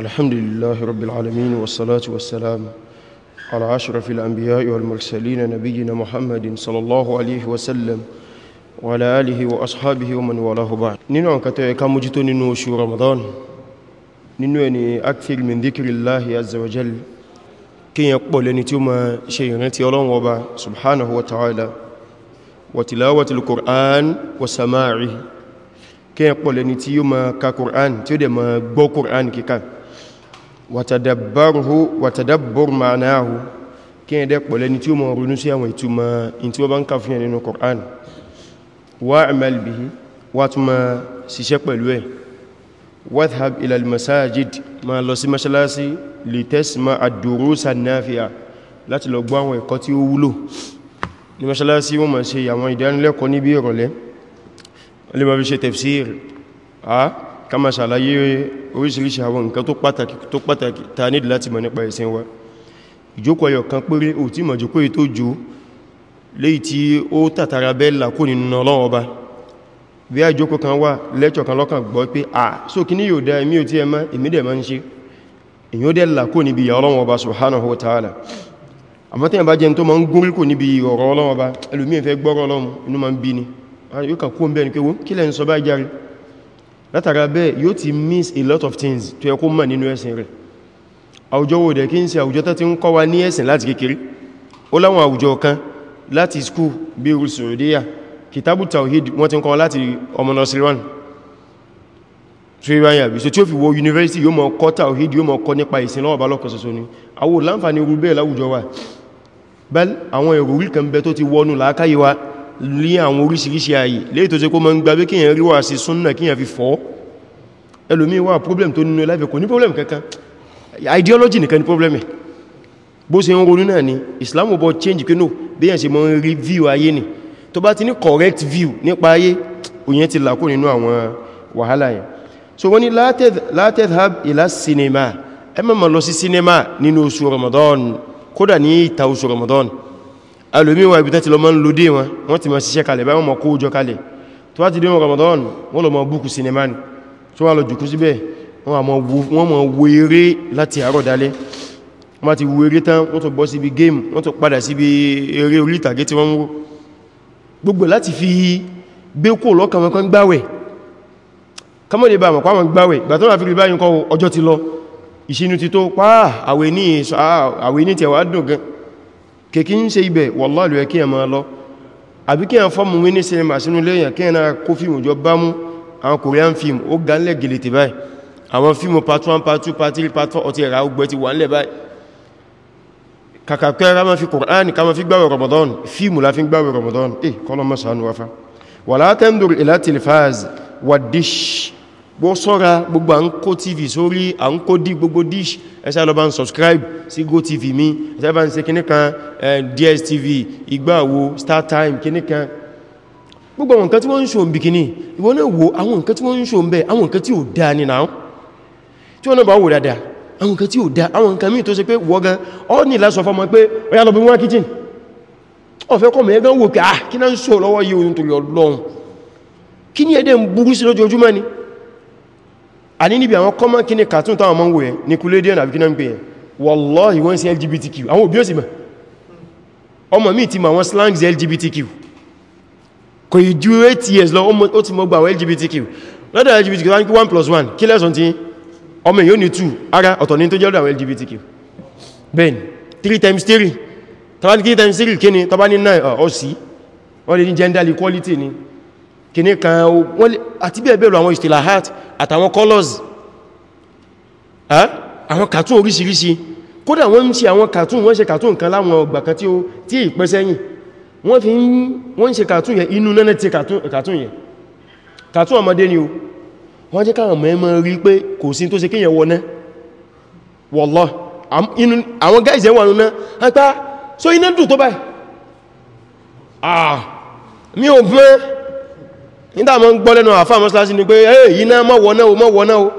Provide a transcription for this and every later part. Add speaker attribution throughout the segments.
Speaker 1: الحمد لله رب العالمين والصلاة والسلام على أشرف الأنبياء والمرسلين نبينا محمد صلى الله عليه وسلم وعلى آله وأصحابه ومن والاه بعد نينو كتو كمجتو نينو شو رمضان نينو يعني أكثر من ذكر الله عز وجل كي يقبل نتوما شيء نتي الله وبا سبحانه وتعالى وتلاوة القرآن وسماعه كي يقبل نتيوما كقرآن تيو ما بو قرآن كي كان wàtàdàbárùhù wàtàdàbùrù ma'anáhù kí ẹ̀dẹ́ pọ̀lẹ́ ni tí ó mọ̀ ronú sí àwọn ìtumọ̀ in tí ó bá ń kàfihàn nínú Qur'an wà amal bihi wà tún ma ṣiṣẹ́ pẹ̀lú ẹ̀ wadhhab ila ma lọ sí mọ́ṣálásí li tasma ad-durus an láti lọ gbọ́ àwọn ẹ̀kọ́ tí ó wúlò ní mọ́ṣálásí wọ́n ma ṣe àwọn ìdánilẹ́kọ̀ọ́ níbi ìrọ̀lẹ́ lè ma ṣe tafsir kama ṣàlàyé oríṣiríṣi àwọn nǹkan tó pàtàkì tó pàtàkì ta nídì láti mọ̀ nípa ẹ̀sìn wa ìjókòó ẹyọ kan péré ò tí mọ̀ jókòó tó jù léyìí tí ó tàtàrà bẹ́ẹ̀lá kó nínú ọlọ́wọ́ so kí ní yóò dá èmi ò tí ẹ mọ́ èmi dẹ̀ mọ́ ń ṣe èyí ó Ọlọ́run Ọba subhanahu tí ẹ bá jẹun tó mọ́ ń gúnrí kò níbi ọ̀rọ̀ Ọlọ́run Ọba ẹlòmíì fẹ́ gbọ́rọ̀ Ọlọ́run inú máa ń bí ni yóò kà kú ń bẹ́ẹ̀ ni pé wọ́n kí lẹ́ ń sọ bá járe látara bẹ́ẹ̀ yóò ti miss a lot of things tó yẹ kó mọ̀ nínú ẹ̀sìn rẹ̀ àwùjọ wo dẹ̀ kí n ṣe àwùjọ tó ti ń kọ́ wa ní ẹ̀sìn láti kékeré ó láwọn àwùjọ kan láti school bí i sùúdíyà kìtàbù tawhid wọ́n ti ń kọ́ láti ọmọ nursery university yóò mọ̀ kọ́ tawhid yóò mọ̀ kọ́ nípa ìsìn lọ́wọ́ balọ́kọ̀ soso ni àwọ láǹfààní irú bẹ́ẹ̀ kan bẹ tó ti wọnú làákàyè lé àwọn oríṣiríṣi ayé léè tó ṣe kó mọ́ ń gbá bí kíyàn rí wà sí súnnà kíyàn fi fọ́ ẹlòmí wà problem tó nínú láìfẹ́ kò ní problem kankan ideology nìkan ni problem ẹ̀ bó ṣe ń ronú náà ni Islam bọ́ change pé no bíyàn ṣe mọ́ ń rí view ayé ni tó bá ti ní correct view nípa ayé òyìn ti làkó nínú àwọn wàhálà yẹn so wọ́n ni la tadhhab ila cinema ẹ má mà lọ sí cinema nínú oṣù Ramadan kódà ní ìta oṣù Ramadan alòmíwà ibi tán ti lọ mọ́ ń lò dé wọn wọ́n ti mọ̀ síṣẹ́ kalẹ̀ báwọn mọ̀ kó jọ kalẹ̀ tó wá ti dé wọn Ramadan wọ́n lọ mọ̀ búkù sinimá ni tó wá lọ jùkú síbẹ̀ wọ́n mọ̀ wo láti àárọ̀ dalẹ́ wọ́n ti wo tán wọ́n tó bọ́ game wọ́n tó padà síbi eré orí ìtàgé tí wọ́n ń wó gbogbo láti fi gbé kó lọ́kàn wọn kan gbáwẹ̀ kọ́mọ̀dé bá mọ̀ pàwọn gbáwẹ̀ ìgbà tó wà kèkí ń ṣe ibẹ̀ wallahi ló yẹ kí ẹ máa lọ àbí kí ẹ fọ́mù mini cinema sínú lẹ́yìn kí ẹ náà kó fíìmù jọ bá mú àwọn korean film ó gánlẹ̀ gẹ̀lẹ̀ tì báyìí àwọn fíìmù part 1 part 2 part 3 part 4 ọ̀tí ẹ̀rà ogbẹ̀ ti wà ń lẹ̀ báyìí kàkàkẹ́ ra ma fi koran ká ma fi gbáwẹ̀ Ramadan fíìmù la fi gbáwẹ̀ Ramadan eh kọ́lọ́mọ́sánú wafa wala tandur ila tilfaz wa dish bó sọ́ra gbogbo à ń kó tv sórí à ń kó dí gbogbo dish ẹsẹ́ lọ bá ń subscribe sí gotv mi ẹsẹ́ bá ń ṣe kíníkan dstv ìgbàwo startime kíníkan gbogbo àwọn nǹkan tí wọ́n ń ṣò ń bikini ìwọ́n náà wo àwọn nǹkan tí wọ́n ń ṣò ń bẹ àwọn nǹkan tí ò dá ní náà tí wọ́n náà bá wò dáadáa àwọn nǹkan tí ò dá àwọn nǹkan míì tó ṣe pé wọ́gan ọ́ ní lásọ fọmọ pé ọya lọ bí wọ́n kitchen ọ̀fẹ́ kọ́ mẹ́gán wò ah, kí náà ń ṣò lọ́wọ́ yìí ohun tó lọ́rùn kí ní ẹ̀dẹ̀ ń burú sí lójoojúmọ́ ni a ní níbi àwọn common kíní cartoon táwọn mọ́ ń wò ẹ̀ ní kúlédíọ̀n àbí kíná ń pè ẹ̀ wallahi wọ́n sí lgbtq àwọn òbí ó sì mọ̀ ọmọ mi ti mọ̀ àwọn slangs lgbtq kò ì ju 8 years lọ ó ti mọ̀ gbà àwọn lgbtq lọ́dọ̀ lgbtq wọ́n kí 1 plus 1 kí lẹ́sùn tí ọmọ yóò ní 2 ara ọ̀tọ̀ ní tó jẹ́ lọ́dọ̀ àwọn lgbtq ben 3 times 3 tàbí 3 times 3 kí ni tàbí 9 ó sì wọ́n lè ní gender equality ni kìní kan wọ́n àti bí ẹ̀bẹ̀rẹ̀ àwọn hat àtàwọn colors àwọn cartoon oríṣiríṣi kódà wọ́n ń ṣe àwọn cartoon wọ́n ṣe cartoon kan láwọn ọgbà kan tí ìpẹ́ sẹ́yìn wọ́n fi wọ́n ṣe cartoon yẹn inú nẹ́nẹ́ ti cartoon yẹn cartoon ọmọdé ni o wọ́n jẹ́ káwọn mẹ́mọ́ rí pé kò sí tó ṣe kíyàn wọ́n guys yẹn wà nù náà so iná dùn ah mi níta mọ́ ń gbọ́ lẹ́nu àfá mọ́sílásí ni pé èyí náà mọ́ wọ́ná o mọ́ wọ́ná o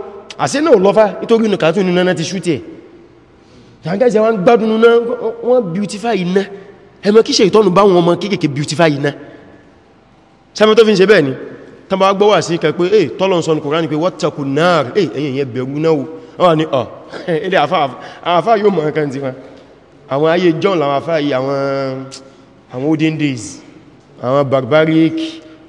Speaker 1: àṣẹ náà lọ́fá nítorí inú kàtún inú náà ti ṣútẹ̀ ṣàǹgáìsẹ̀ wọ́n gbádùn náà wọ́n beautify iná ẹmọ kíṣẹ́ ìtọ́nù bá wọn mọ́ kéèkèé beautify iná sẹ́mọ́ tó fi ń ṣe bẹ́ẹ̀ ni tán bá gbọ́wà sí kẹ pé eh tọ́lọ̀n sọ ní kòránì pé wattaqun nar eh ẹ̀yìn yẹ bẹ̀rù náà o wọ́n ni ọ̀ ilẹ̀ àfá yóò mọ̀ nǹkan ti wọn àwọn ayé john làwọn àfá yìí àwọn olden days àwọn barbaric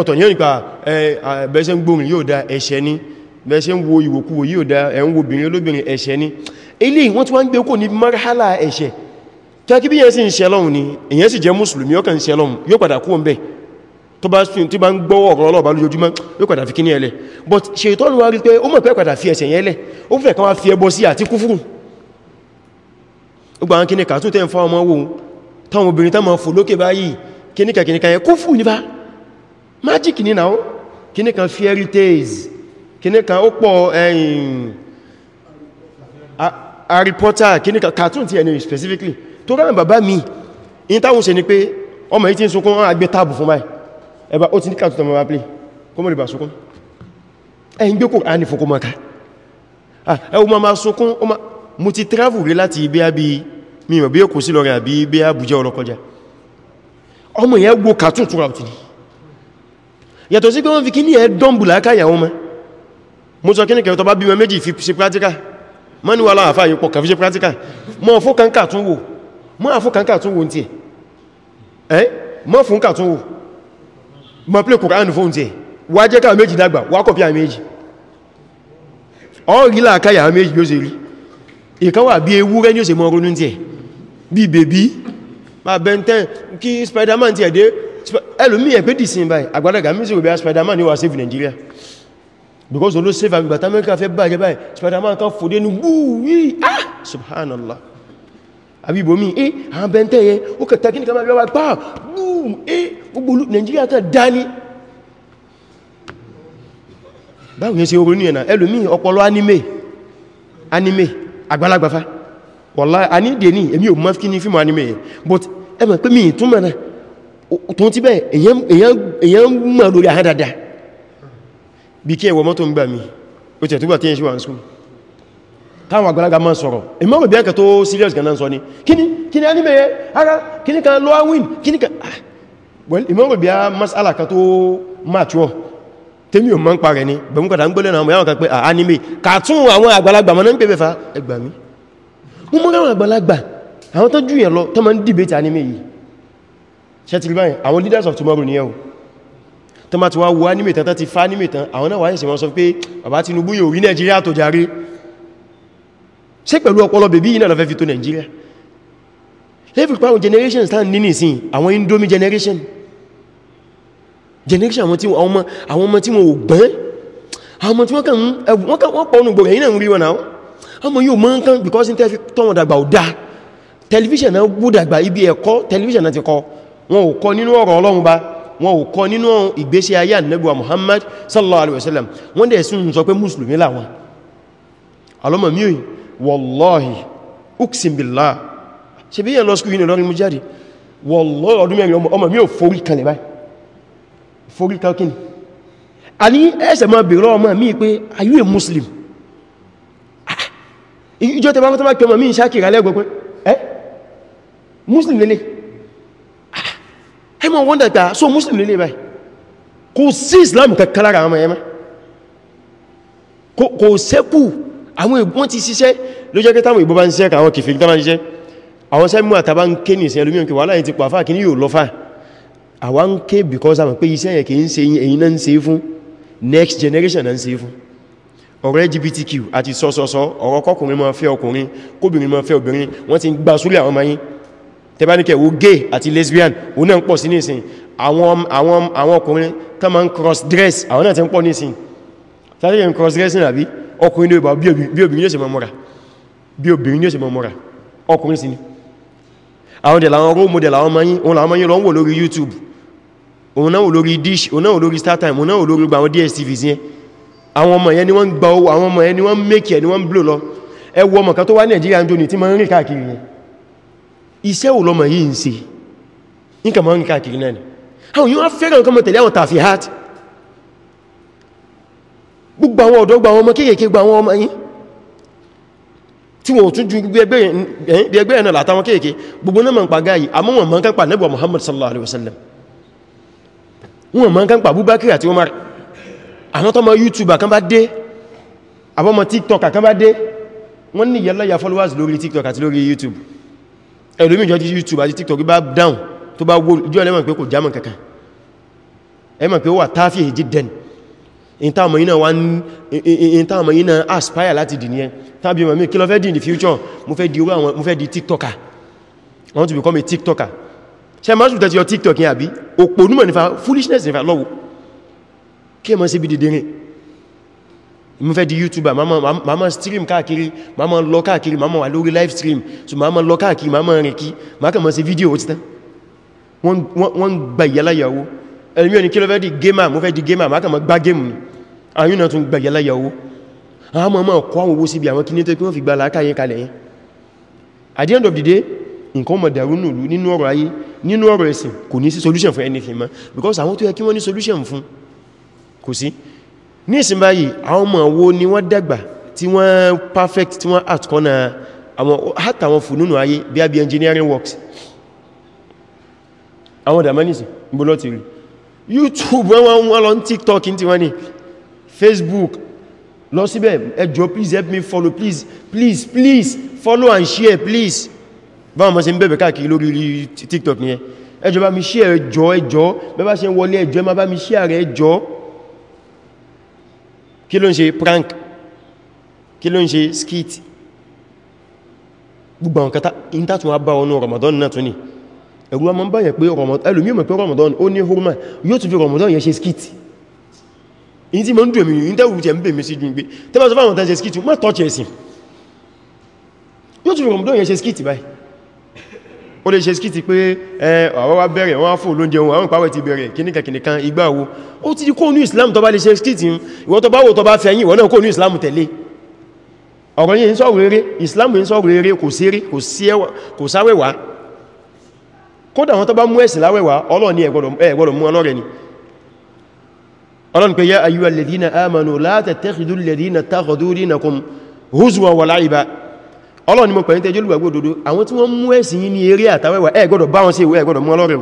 Speaker 1: ọ̀tọ̀ ní ọ̀nìpa bẹ́ẹ̀ṣẹ́ ń gbóhùn yóò dá ẹ̀ṣẹ̀ ní bẹ́ẹ̀ṣẹ́ ń wo ìwòkúwò yóò dá ẹ̀hún obìnrin olóbìnrin ẹ̀ṣẹ̀ ní ilé ìwọ́n tí wọ́n ń gbé kò ní marhala ẹ̀ṣẹ̀ kẹ́kí bí ni èyàn sì jẹ́ mùsùlùmí ọkàn ń ṣe lọ́hun yóò padà kú ọmọbẹ̀ tó bá sùn tí bá ń gbọ́wọ́ ọ̀rọ̀ ọlọ́ọ̀bá lójoojúmọ́ yóò padà but ṣe ìtọ́nù wa rí pé ó mọ̀ pé padà fi ẹ̀ṣẹ̀ yẹn lẹ̀ ó fẹ́ kan wá fi ẹbọ sí àti kúfùrù ó gba àwọn kíní kàtún tẹ́ ń fọ́ ọmọ wò kíníkà kíníkà yẹn kúfù ní bá magic ni náà kíní kan fairy tales kíní kan ó pọ̀ ẹ̀yìn Harry Potter kíní kan cartoon ti ẹni specifically tó ráwọn bàbá mi in táwọn ṣe ni pé ọmọ yìí tí ń sunkún agbé tábù fún báyìí ẹba ó ti ní cartoon tọmọ bá play kó mọ̀ rí bà sunkún ẹ̀yìn gbé kò rání fún kó mọ̀ ká ẹwọ ma ma sunkún mo ti travel rí láti ibi abi mímọ̀ bí ó kò sí lọ rẹ̀ àbí ibi Abuja ọlọ́kọjá ọmọ yẹn wo cartoon tó rà òtù ni yàtọ̀ sí pé wọ́n fi kí ní ẹ̀ dọ́mbù láàkáyà wọn ma mo sọ kíníkẹ̀ tó bá bí wọn méjì fi ṣe practical ma ní wà láàfà yìí pọ̀ kà fi ṣe practical mọ́ fún kàǹkà tún wò mọ́ fún kàǹkà tún wò ní ẹ̀ mọ́ fún kàǹkà tún wò mọ́ play Quran fún ti ẹ̀ wà ma benten ki spiderman ti ẹ̀dẹ́ ẹlòmí ẹ̀ pé dìsìn báyìí àgbàlagbà mí sí òbí spiderman ni wà save Nigeria because olo save àgbàtà America fẹ́ bàjẹ́ báyìí spiderman kan fòdé ní wúwí ah subhanallah àbíbò mi eh àwọn benten yẹ O kẹta kí ní kama bí pa boom eh gbogbo Nigeria kan dání báwọn yẹn ṣe orí ní ẹ̀nà ẹlòmí ọpọlọ anime anime àgbàlagbàfà wọ́lá a ní dè ní èmi ò mọ́ kí ní fíìmù anime but ẹ mọ̀ pé mi ìtúnmọ̀ náà tó ti bẹ́ èyàn mọ̀ lórí àhán dada bí kí ẹwọ mọ́tò ń gbà mí ó tẹ̀ túgbà tí ẹ̀ ṣe wà ń sún táwọn àgbàlagbà máa sọ̀rọ̀ ìmọ̀ bí ẹ̀kẹ́ tó serious gan náà sọ ní kíní kíní a níbẹ̀ẹ́ ara kíní kan lọ́wọ́ win kíní kan ah well ìmọ̀ bí masala kan tó mature tèmi ò mọ́ ń parẹ̀ ní gbẹ̀mùkọ̀dá ń ah, anime kàtún àwọn àgbàlagbà mọ́ náà ń pè bẹ́fà ẹgbàmí mo mọ́ àwọn tó jùyàn lọ tó ma ń dìbètì anime yìí ṣẹ́tìlì báyìí àwọn leaders of tomorrow ni ẹ̀wọ̀ tó ma ti wá wo anime tán tán ti fa anime tán àwọn náà wáyé sí wọ́n sọ pé bàbá Tinubu yóò rí Nàìjíríà tó jàre ṣe pẹ̀lú ọpọlọ bèbí yìí náà lọ́fẹ́ fi tó Nàìjíríà lẹ́fì pàwọn generation stand nínú ìsìn àwọn Indomie generation generation àwọn ọmọ tí wọ́n ò gbọ́n àwọn ọmọ tí wọ́n kàn wọ́n pọ̀ ọ̀nà gbogbo ẹ̀yìn náà ń rí wọn náà ọmọ yóò mọ́ nǹkan because ní tẹ́ fi tọ́wọ́n dàgbà ò dáa tẹlifíṣàn náà gbúdàgbà ibi ẹ̀kọ́ tẹlifíṣàn náà ti kọ́ wọn ò kọ́ nínú ọ̀rọ̀ Ọlọ́run bá wọn ò kọ́ nínú ìgbésí ayé ànẹ́gbà Muhammad sallallahu alaihi wasallam wọ́n dẹ̀ sún sọ pé mùsùlùmí làwọn alọ́mọ̀ mí wallahi uksin billah ṣe bí yẹn lọ skú yìí lọ́rin mú jáde wallahi ọdún mẹ́rin ọmọ mi ò forí kan lè are you a Muslim ah, ìjọ tẹ bá fọ́tọ́ bá pẹ́ ọmọ mi lẹ́gbẹ̀ẹ́ muslim lele ah, ẹmọ wọ́n dàgbà so muslim lele báyìí kò sí islam kankan lára àwọn ẹmọ kò sẹ́kù àwọn ìbọn ti ṣiṣẹ́ ló jẹ́ kẹtàwọn ìbọn bá ń ṣiṣẹ́ àwọn kìfì tánà ṣiṣẹ́ àwọn sẹ́mú àtàbá ń ké ní ìsẹ́ lómi because àwọn pé iṣẹ́ yẹ kì í next generation náà ń ọ̀rọ̀ LGBTQ àti sọ́sọ́sọ́ ọ̀rọ̀ kọkùnrin máa fẹ́ ọkùnrin kóbìnrin máa fẹ́ obìnrin wọ́n ti ń gbà súlẹ̀ àwọn ọmọ tẹbánikẹ̀ wo gay àti lesbian o náà ń pọ̀ sí nísìn àwọn àwọn àwọn ọkùnrin tán ma ń cross dress àwọn náà ti ń pọ̀ nísìn tàbí ń cross dressing àbí ọkùnrin lóòbá bí obìnrin yóò ṣe mọ́ mọ́ra bí obìnrin yóò ṣe mọ́ mọ́ra ọkùnrin sí ni àwọn dẹ̀ láwọn role model àwọn mayín òun láwọn mayín lọ ń wò lórí youtube òun náà wò lórí dish òun náà wò lórí startime òun náà wò lórí gbà àwọn dstv sí àwọn ọmọ yẹn ni wọ́n ń gba owó àwọn ọmọ yẹn ni wọ́n ń make ẹ̀ e, ni wọ́n ń blow lọ ẹ wo ọmọ kan tó wá nàìjíríà ń jóni tí ma ń rìn káàkiri yẹn iṣẹ́ olọ́mọ yìí ń ṣe ní kàmọ́ ń káàkiri náà ni àwọn yíò fẹ́ràn kọmọ tẹ̀lé àwọn tàfi hát gbogbo àwọn ọ̀dọ́ gba àwọn ọmọ kéèkéé gba àwọn ọmọ yìí tí wọ́n tún ju gbẹgbẹ́ ẹ̀nà látàwọn kéèkéé gbogbo náà mọ̀ ń pa gáyì àmọ́ wọn mọ̀ ń kápa nẹ́bọ̀ Muhammad sallallahu alaihi wasallam wọn mọ̀ ń kápa Abubakar àti Umar àwọn tọ́mọ YouTube kan bá dé àbọ́mọ TikTok kan bá dé wọ́n ní yẹ́lẹ́yà followers lórí TikTok àti lórí YouTube ẹlòmí ìjọ ti youtube àti tiktok bá down tó bá wó ìjọ ẹlẹ́mọ̀ pé kò jámọ̀ kankan ẹmọ̀ pé ó wà táfíà èjì dẹn ìntàmọ̀ yínà aspire láti dì ní ẹ tàbí mọ̀ mí kí lọ fẹ́ dì in the future mo fẹ́ di owó àwọn mo i want to become a tiktoker ṣe máa ṣùgbọ́n tẹ́tí tiktok yẹn àbí òpó onímọ̀ nífà foolishness nífà lọ́wọ́ kí ẹ mọ́ sí mo fẹ́ di youtuber mama mama stream káàkiri mama lọ káàkiri mama wà lórí live stream so mama lọ káàkiri mama rìn kí ma kàn mọ́ video. fídíò òtítẹ́ wọ́n gba ìyáláyàwó ẹ̀lmí ò ní kí lọ fẹ́ di gamer mo fẹ́ di gamer ma kàn mọ́ gbá game ni ayún náà tún gba ìyáláyàwó àwọn ọmọ ọkọ̀ àwọn owó síbi àwọn kíní tó kí wọ́n fi gba làákàyè kalẹ̀ at the end of the day nǹkan mọ̀ dàrú nùlú nínú ọ̀rọ̀ ayé nínú ọ̀rọ̀ ẹ̀sìn kò ní sí solution fún anything mọ́ because àwọn tó yẹ kí wọ́n ní solution fún kò ní ìsìn báyìí àwọn ọmọ wo ni wọ́n dàgbà tí wọ́n perfect tí wọ́n àtkọ́nà àtàwọn fùnúnù ayé bí i engineering works àwọn damanisi bọ́lọ́ ti rí youtube wọ́n wọ́n lọ tiktok tí wọ́n ní facebook lọ síbẹ̀ ẹjọ́ please help me follow please please please follow and share please báwọn mọ́ sí ń bẹ̀bẹ̀ káàkiri lórí tiktok ní ẹ ẹjọ́ bá mi share ẹjọ́ ẹjọ́ bẹ́bá ṣe ń wọlé ẹjọ́ ẹ má bá mi share ẹjọ́ kí ló ń ṣe prank kí ló ń ṣe skit gbogbo àwọn kata intatun abá ọnà Ramadan náà tún ní ẹ̀rù ọmọ ń báyẹ̀ pé ẹlòmí mọ̀ pé Ramadan ó ní hormon yóò tún fi Ramadan yẹ ṣe skit in tí ma ń dùn èmì yìí tẹ́wù jẹ́ ń bèèmí sí jù gbé tẹ́bà sọ fáwọn tẹ́ ṣe skit má tọ́ọ̀ṣẹ̀ sí yóò tún fi Ramadan skit báyìí ó lè ṣe skiti pé àwọn wá bẹ̀rẹ̀ wọ́n fò lóúnjẹ ohun àwọn ìpàwẹ̀ ti bẹ̀rẹ̀ kìníkà kìníkà ìgbàwo ó ti kó ní Islam tó bá lè ṣe skiti ìwọ́n tó bá wò tó bá fẹ́yìn ìwọ́n náà kó ní Islam tẹ̀lé ọ̀rọ̀ yìí ń sọ̀rọ̀ eré Islam ń sọ̀rọ̀ eré kò séré kò sáwẹ̀wá kódà wọn tó bá mú ẹ̀sìn láwẹ̀wá Ọlọ́run ni ẹ gbọ́dọ̀ ọlọ́run ni mo pẹ̀lú tẹjọ́ lùgbàgbò òdodo àwọn tí wọ́n mú ẹ̀sìn yìí ní eré àtàwẹ́wà ẹ gbọ́dọ̀ bá wọn sí ìwé ẹ gbọ́dọ̀ mú ọlọ́rẹ̀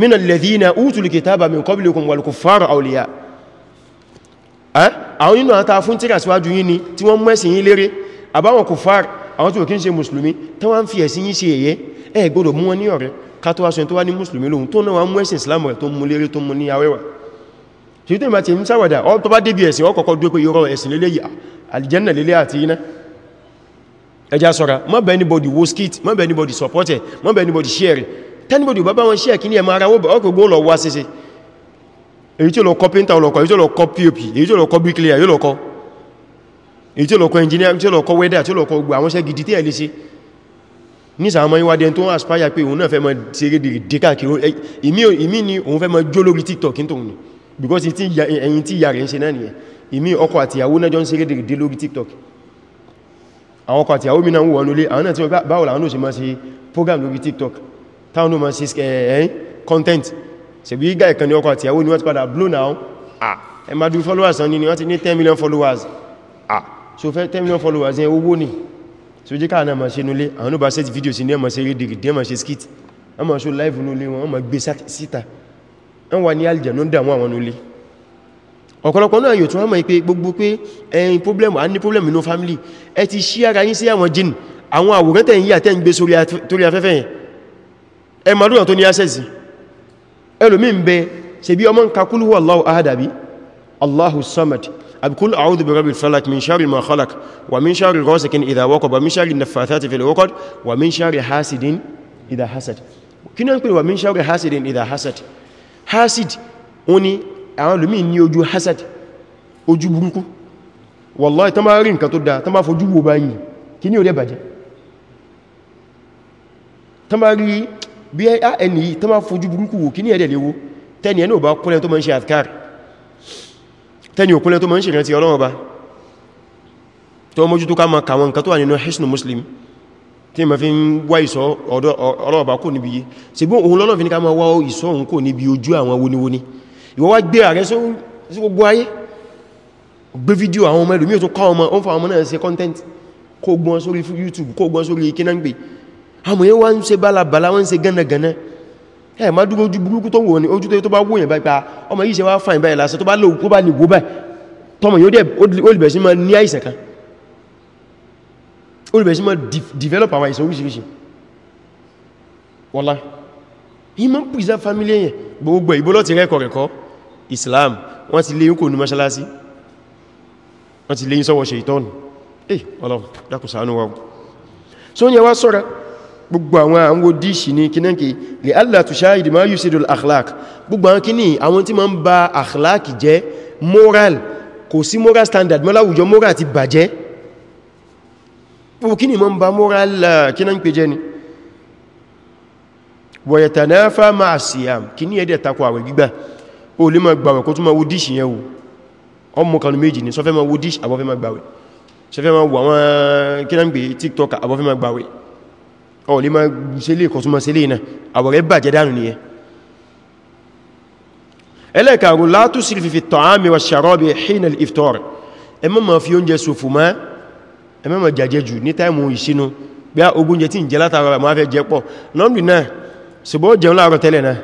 Speaker 1: mina alladhina utul kitaba min qablikum wal kuffara awliya àwọn nínú àta fún tíra síwájú yìí ni tí wọ́n mú ẹ̀sìn yìí léré àbáwọn kuffar àwọn tí wọ́n kí ń ṣe mùsùlùmí tí wọ́n fi ẹ̀sìn yìí ṣe èyẹ ẹ gbọ́dọ̀ mú wọn ní ọ̀rẹ́ ká tó aṣọ tó wá ní mùsùlùmí lóhun tó náà mú ẹ̀sìn islam rẹ̀ aljanna lélẹ́ àti iná ẹjá sọ́ra má bẹ̀ anybody wo skit má bẹ̀ anybody support ẹ̀ má bẹ̀ anybody share tẹ́nibody bá bá wọn share kí ní ẹmọ ara ọkọ̀gbọ́n lọ wá síse èyí tí ó lọ kọ́ painter olọ́kọ̀ èyí tí ó lọ kọ́ pop èyí tí ó lọ kọ́ bricklayer yóò lọ èyí tí ó lọ kọ́ engineer tí ó lọ kọ́ weather tí ó lọ kọ́ gbogbo gidi tí ẹ̀ lè ṣe ní sàmọ́ ìwádẹ́ tó ń aspire pé òun náà fẹ́ mọ́ ṣeré ni òun fẹ́ mọ́ jó tiktok ní because ẹ̀yìn tí ìyà rẹ̀ ń ṣe náà nìyẹn ìmí ọkọ àtìyàwó náà tiktok àwọn ọkọ àti àwómìnà ń wọ́n lólé àwọn náà tí ó báwò láwọn ló ṣe máa ṣe program lórí tiktok táwọn ló máa ṣe ẹ̀yìn content ṣe bí gá ìkànnì ọkọ àti àwó ni wọ́n ti now ah ẹ máa followers ní ni wọ́n 10 million followers ah so fẹ́ million followers yẹn owó ni so jí káà náà máa ṣe set video sí ní ẹ máa skit wọ́n live nulé wọn wọ́n máa gbé síta wọ́n wà ní ọ̀pọ̀lọpọ̀ náà yóò tún wá mọ̀ pé gbogbo pé ẹ̀yìn problem a ní problem inú family ẹ ti ṣí ara yín sí àwọn jìn àwọn àwòrán tẹ̀ ń yí àtẹ́ ń gbé sórí afẹ́fẹ́ yẹn ẹ madúrà tó ní access ẹlòmí ń bẹ ṣe bí ọmọ ń ka kúlù huwa Allahu ahad àbí Allahu samad àbí kúlù a'udhu bi rabbil falaq min sharri ma khalaq wa min sharri ghasiqin idha waqab wa min sharri naffathati fil 'uqad wa min sharri hasidin idha hasad kí ni wọ́n pè wa min sharri hasidin idha hasad hasid ó ní àwọn olùmí ní ojú hasad ojú burúkú wallahi tán bá rí nǹkan tó dáa tán bá fojú wo báyìí kí ní ò dẹ̀ bàjẹ́ tán bá rí bí ẹni yìí tán bá fojú burúkú wò kí ní ẹ̀dẹ̀ léwó tẹ́ni ẹni ò bá kúnlẹ̀ tó mọ́ ń ṣe àtkár tẹ́ni ò kúnlẹ̀ tó mọ́ ń ṣe rántí Ọlọ́run tí ma fi ń wá ìsọ́ ọ̀dọ̀ Ọlọ́run kò níbi yìí ṣe bí òun lọ́lọ́ fi ní ká ma wá ìsọ́ òun kò níbi ojú àwọn wóníwóní ìwọ wá gbé ààrẹ sí gbogbo ayé gbé fídíò àwọn ọmọ ẹlòmí tó káwọn ọmọ ó fa ọmọ náà ṣe content kó gbọ́n sórí YouTube kó gbọ́n sórí kínáǹgbè àmọ́ yẹn wá ń ṣe bálabàlá wọ́n ń ṣe gánagànà ẹ̀ má dúró ojú burúkú tó wò ní ojú tó bá wòyàn bá pa ah, ọmọ yìí ṣe wá fàìn báyìí lásán tó bá lò tó bá lè wó báyìí tọmọ yóò dẹ̀ olùbẹ̀ sí máa ní àìsàn kan olùbẹ̀ sí máa develop àwọn àìsàn oríṣiríṣi wọ́lá yìí máa ń pìsà family yẹn gbogbo ìbólọ́ ti rẹ́kọ̀ọ́ rẹ̀kọ́ islam wọ́n ti lé yín kò ní mọ́ṣálásí wọ́n ti lé yín sọ́wọ́ ṣe ìtọ́nù eh ọlọ́run dákun wa so ní ẹwà sọ́ra gbogbo àwọn àwọn díṣì ní kínáǹkì lè allah tó ṣáàdì máa yíò sídò akhlaq gbogbo àwọn kíní àwọn tí ma ń ba akhlaq jẹ́ moral kò sí moral standard mọ́ láwùjọ moral ti bàjẹ́ gbogbo kíní ma ń ba moral kínáǹkì jẹ́ ni wọ̀yẹ̀tànáfà máa síyàm kíní ẹ̀dẹ̀ takọ àwẹ̀ gbígbà o lè máa gbàwẹ̀ kó tún máa wo díṣì yẹn wò ọmọ kanu méjì ni sọfẹ́ máa wo díṣì àbọ́fẹ́ máa gbàwẹ̀ sọfẹ́ máa wò àwọn kíláǹgbé tiktok àbọ́fẹ́ máa gbàwẹ̀ o lè máa ṣe lè kó tún máa ṣe lè náà àwọ̀rẹ́ bàjẹ́ dànù nìyẹn ẹlẹ́kàrún la tusrif fi at-ta'ami wash-sharabi hina al-iftar ẹ má máa fi oúnjẹ ṣòfò mọ́ ẹ má máa jàjẹ jù ní táìmù ìṣínú bí a ogúnjẹ tí ń jẹ látara rẹ̀ máa fẹ́ jẹ pọ̀ lọ́nbì náà ṣùgbọ́n jẹun láàárọ̀ tẹ́lẹ̀ náà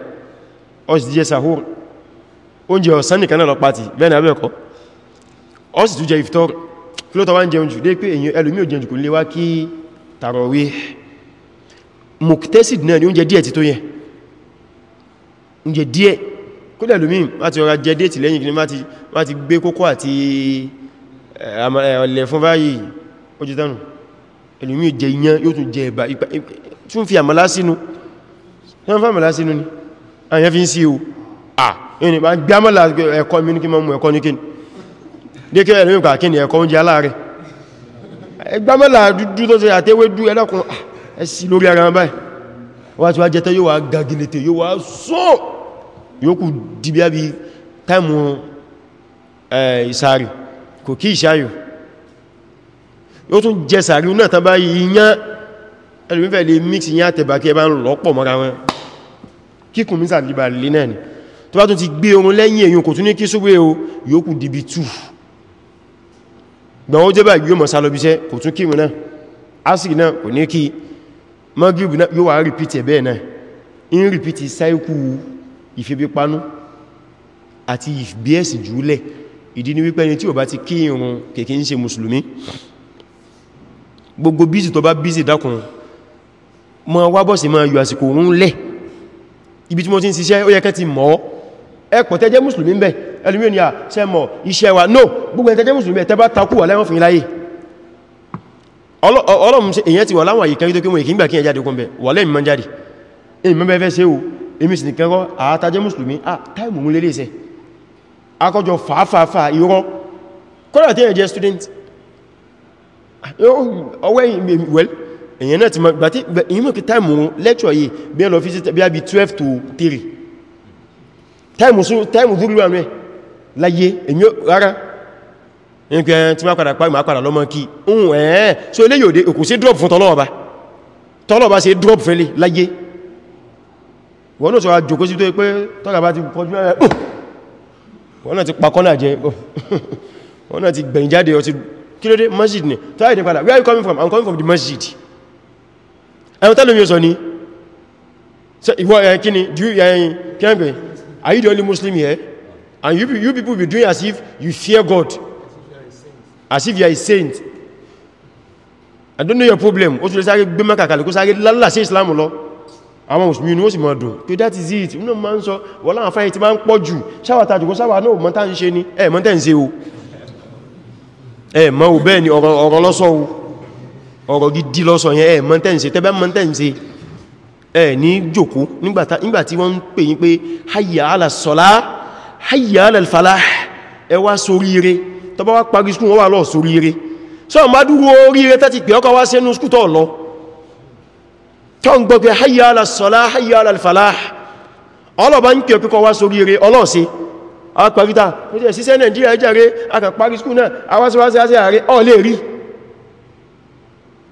Speaker 1: ọ̀sì jẹ sahur oúnjẹ ọ̀sán nìkan náà lọ pàtì bẹ́ẹ̀ni abẹ́ẹ̀kọ́ ọ sì tún jẹ ìfitọ́ kí ló tọ́wà ń jẹun jù dé pé èyàn ẹlòmí ò jẹun jù kò lè wá kí tàrọ̀wé muktesid náà ni oúnjẹ díẹ̀ ti tó yẹ oúnjẹ díẹ̀ kó lẹ̀ lómi láti ọra jẹ déètì lẹ́yìn kí má ti gbé kókó àti eh, eh, ọ̀lẹ̀ fún báyìí ó jẹ tánu jẹ iyán yóò tún jẹ ẹ̀bà tún fi àmàlá sínú ni àyàn fi ń sí o ah ní bá gbámọ́lá ẹ̀kọ́ mi ní kí mọ́ mú ẹ̀kọ́ ní kíni dékẹ́ ẹ̀lú ìpàá kíni ẹ̀kọ́ oúnjẹ aláàrẹ gbámọ́lá dúdú tó ṣe àtẹ́wé dú ẹlẹ́kùn ah, ẹ̀sì lórí ara báyìí wá tí wá jẹ́tẹ́ yóò wá gagilete yóò wá só mix ìyán àtẹ̀bà kí ẹ bá ń lọ́pọ̀ mọ́ra kíkùn mísà lè bà lè náà ni tó bá tún ti gbé orun lẹ́yìn èyàn kò tún ní kí súgbé e o yóò kù dìbì tù gbọ́n ó jẹ́ bá yóò mọ̀ sálọ́bíṣẹ́ kò tún kí náà asìrì náà kò ní kí mọ́gíbù náà yóò wà rìpítì ẹ̀bẹ́ náà in rìpítì sáíkù ìfẹ́bípanú àti ìbíẹ̀sì jùúlẹ̀ ìdí ni wípé ibi tí mo ti ń ṣiṣẹ́ ó yẹ kẹ́ ti mọ́ ẹ̀pọ̀ tẹ́jẹ́ mùsùlùmí bẹ̀ ẹlùmí ni à sẹ́mọ̀ iṣẹ́ wa no gbogbo tẹ́jẹ́ mùsùlùmí bẹ̀ tẹ́bá takú wà lẹ́wọ̀n fún iláyé ọlọ́run èyàn ti wà láwọn àyíká yíó tó kí wọ́n ìkíngbà kí ẹ jáde kún bẹ̀ wà lẹ́yìn mọ́ jáde èyí mọ́ bẹ́ẹ̀ ṣe o èmi sì nìkan kọ́ àátajẹ́ mùsùlùmí à táìmù mú lélé iṣẹ́ akọjọ fàáfàáfà irọ́ kọ́nà tí ẹ̀jẹ́ student ọwẹ́ well èyàn náà ti mọ̀ gbà tí ìyímọ̀ kí táìmù lecture yìí bí ẹ lọ fi sí bí i 12 to 3 tẹ́mù zúrú wà mẹ́ láyé èmi rárá nǹkan tí wá padà pàrí ma padà lọ́mọ kí ń ẹ̀ẹ́ so ilé yóò dé òkú sí drop fún tọ́lọ́ọ̀bá tọ́lọ́ọ̀bá sí drop fẹ́lé láyé wọ́n náà sọ àjòkó sí tó pé kí ló where are you coming from i'm coming from the masjid ẹ̀rọ tẹ́lómi ó sọ ni ìwọ ẹ̀yìn eh, Are you the only Muslim here? And you, you people be doing as if you fear God. As if you are a saint. I don't know your problem. Ó tún lè sáré gbé mẹ́kà kalẹ̀ kó sáré lálà sí Islam lọ. Àwọn Mùsùlùmí ni ó sì máa dùn. Pé that is it. Inú máa ń sọ, wọ́n láwọn fáyẹ̀ tí máa ń pọ̀ jù. Ṣáwàtà jùkú sáwà náà mọ́ta ń ṣe ni. Ẹ mọ́ta ń ṣe o. Ẹ mọ́ o bẹ́ẹ̀ ni ọ̀rọ̀ lọ́sọ̀ o. Ọ̀rọ̀ gidi lọ́sọ̀ yẹn. Ẹ mọ́ta ń ṣe. Tẹ́bẹ́ mọ́ta ń ṣe ẹ ní jòkó nígbàtí wọ́n ń pè yín pé hayya ala salah hayya ala falah ẹ wá sóríire tó bá wá parí skún wọ́n wà lọ sóríire sọ ma dúró oríire tàti pé ọkọ̀ wá sínú skútọ̀ lọ kọ́n gbọ́ pé hayya ala salah hayya ala falah ọlọ́bá ń pè ọkọ̀ wá a parí ta ó jẹ́ síṣẹ́ Nàìjíríà jẹ́ rẹ̀ a kà parí skún náà a wá síwá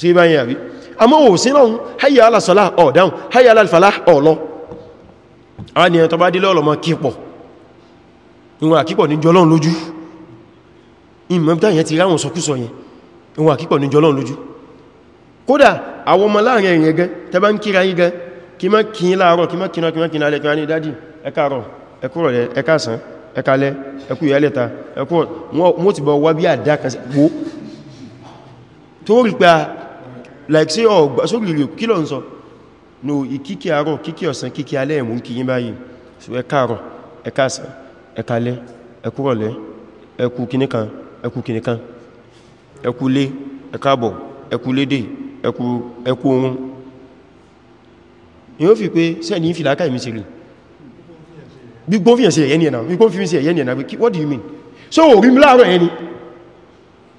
Speaker 1: sí ibá yẹn àbí àmọ́ ò sí náà hayya ala salah ọ̀dáhùn hayya ala falah ọ̀lọ́ a ni ẹ̀tọ́ bá dé lọ́lọ́mọ kípọ̀ ìwọ̀n àkípọ̀ ní jọlọ́n lójú ìmọ̀bítà yẹn ti ráwọn sọkúsọ yẹn ìwọ̀n àkípọ̀ ní jọlọ́n lójú kódà àwọn ọmọ láàrin ẹ̀yẹn gẹ́ tẹ́ bá ń kíra yí gẹ́ kí má kí láàárọ̀ kí má kí náà kí má kí náà lẹ́kí ní dádì ẹ káàárọ̀ wọ́n ti bọ̀ wá bí àdá kan sí wo tó rí pa like say ọgbà so kí lọ ń sọ no ìkíkí àárọ̀ kíkí ọ̀sán kíkí alẹ́ ẹ̀mú kí yí báyìí so ẹ káàrọ̀ ẹ káàsán ẹ kálẹ́ ẹ kúrọ̀lẹ́ ẹ kú kìnìkan ẹ kú kìnìkan ẹ kú lé ẹ káàbọ̀ ẹ kú lédè ẹ kú ẹ kú oorun yóò fi pé sẹ́ni ń fi láàkà ìmí sí rí gbígbófíyàn sí ẹ̀yẹ́ ni ẹ̀nà what do you mean so orí mi láàárọ̀ ẹni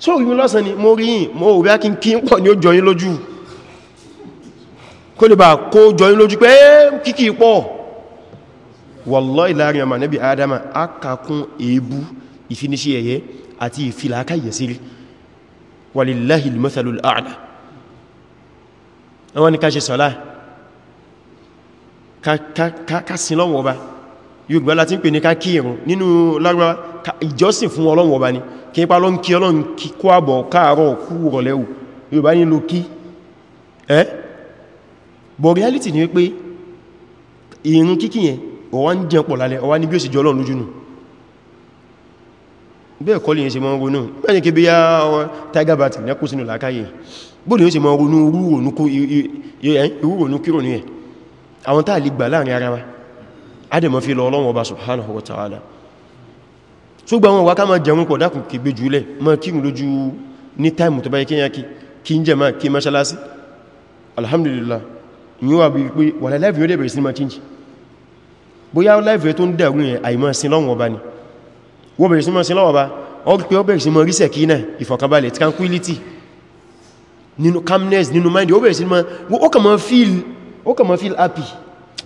Speaker 1: so rí lọ́sàn ni mo rí yìn mo ò bá kí n kí n pọ̀ ní ó jọyín lójú kó lè bá kó jọyín lójú pé kíkì pọ̀ wallahi láàrin ọmọ nẹ́bí adama a kàkún èébú ìfiniṣẹ́ ẹ̀yẹ àti ìfìlàkà yẹ̀sírí walillahi Yorùbá láti ń pè ní ká kírun nínú lágbà ìjọsìn fún Ọlọ́run ọba ni kí n pa lọ́n kí Ọlọ́run kí kó àbọ̀ káàrọ̀ kú rọ̀lẹ́wù Yorùbá ní lo kí ẹ́ but reality ni wípé ìrun kíkí yẹn ọwá ń jẹun pọ̀ lálẹ́ ọwá ní bí ó sì jọ Ọlọ́run lójúnù tiger bat nẹ́kù sínú làkáyè bóòdì yóò ṣe mọ́ ronú irú ronú kírò ní ẹ̀ àwọn táà lè gbà adẹ̀mọ́ fi lọ Ọlọ́run Ọba subhanahu wa ta'ala tó gba wọn wá ká máa jẹun pọ̀ dákùn kì gbé jùlẹ̀ máa kí mú lójú ní táìmù tó bá yẹ kíyà kí kí ń jẹ máa kí mọ́ṣálásí alhamdulillah yíò wà bí pé wà láìfì yóò dẹ̀bẹ̀rẹ̀ sí máa kíǹjì bóyá láìfì tó ń dẹ̀rùn yẹn àìmọ́ sí lọ́wọ́ ọba ni wọ́n bẹ̀rẹ̀ feel happy